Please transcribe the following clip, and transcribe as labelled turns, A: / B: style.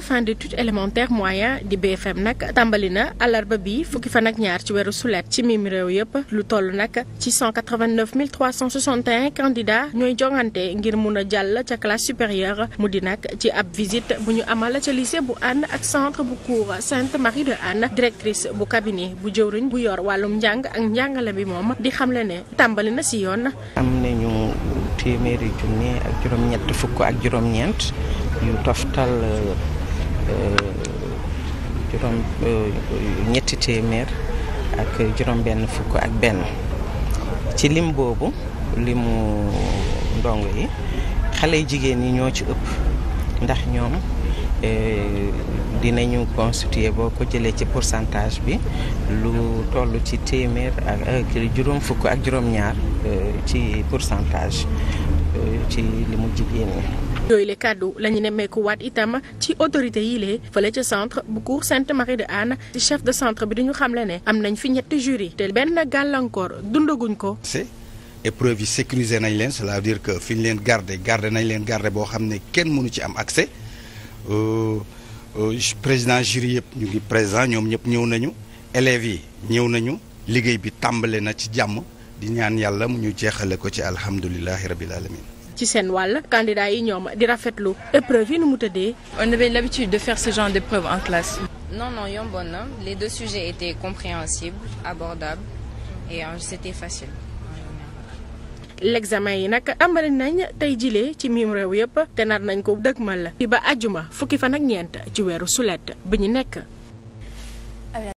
A: fin de l'étude élémentaire moyen di BFM nag tàmbali na àllarba bi fukki fan ak ñaar ci weeru sulet ci mim réew yëpp lu toll nag ci 189 361 candidats ñooy jongante ngir mun a jàll ca classe supérieure mu di nag ci ab visite bu ñu amal ca lycée bu Hann ak centre bu cours Sainte Marie de Hann directrice bu cabinet bu jëwriñ bu yor wàllum njàng ak njàngale bi moom di xamle ne tàmbali na si yoon.
B: am nañu téeméeri junni ak juróom fukk ak juróom-ñeent yu toftal. kon euh, ñetti téeméer ak juróom-benn fukk ak benn ci lim boobu limu ndongo yi xale jigéen ñi ñoo ci ëpp ndax ñoom euh, dinañu constituer boo ko jëlee ci pourcentage bi lu toll ci téeméer ak juróom fukk ak juróom-ñaar euh, ci pourcentage ci limu jigéen ñi.
A: yooyu le kàddu la ñu nemmeeku waat itam ci autorité yi lee fële ca centre bu cour Sainte Marie de Anne ci chef de centre bi dañu xamle ne am nañ fi ñetti jury te benn gàllankoor dundaguñ ko.
C: épreuve yi sécuriser nañ leen cela veut dire que fi ñu leen garde garder nañ leen garder boo xam ne kenn mënu ci am accès euh, euh, président jury yëpp ñu ngi président ñoom ñëpp ñëw nañu élèves yi ñëw nañu liggéey bi tàmbale na ci jàmm di ñaan yàlla mu ñu jeexale ko ci alhamdulilahi rabil alamin
A: ci seen wàll candidat yi ñoom di rafetlu épreuve yi nu mu tëddee. on avait l'habitude de faire ce genre d'épreuve en classe. non non yomboon na les deux sujets étaient compréhensibles abordables et euh, c'était facile. l'examen yi nag tàmbali nañ tey jilee ci miim réew yëpp te nar nañ ko dëgmal. fi ba àjjuma fukki fan ak ñeent ci weeru sulet bi ñu nekk.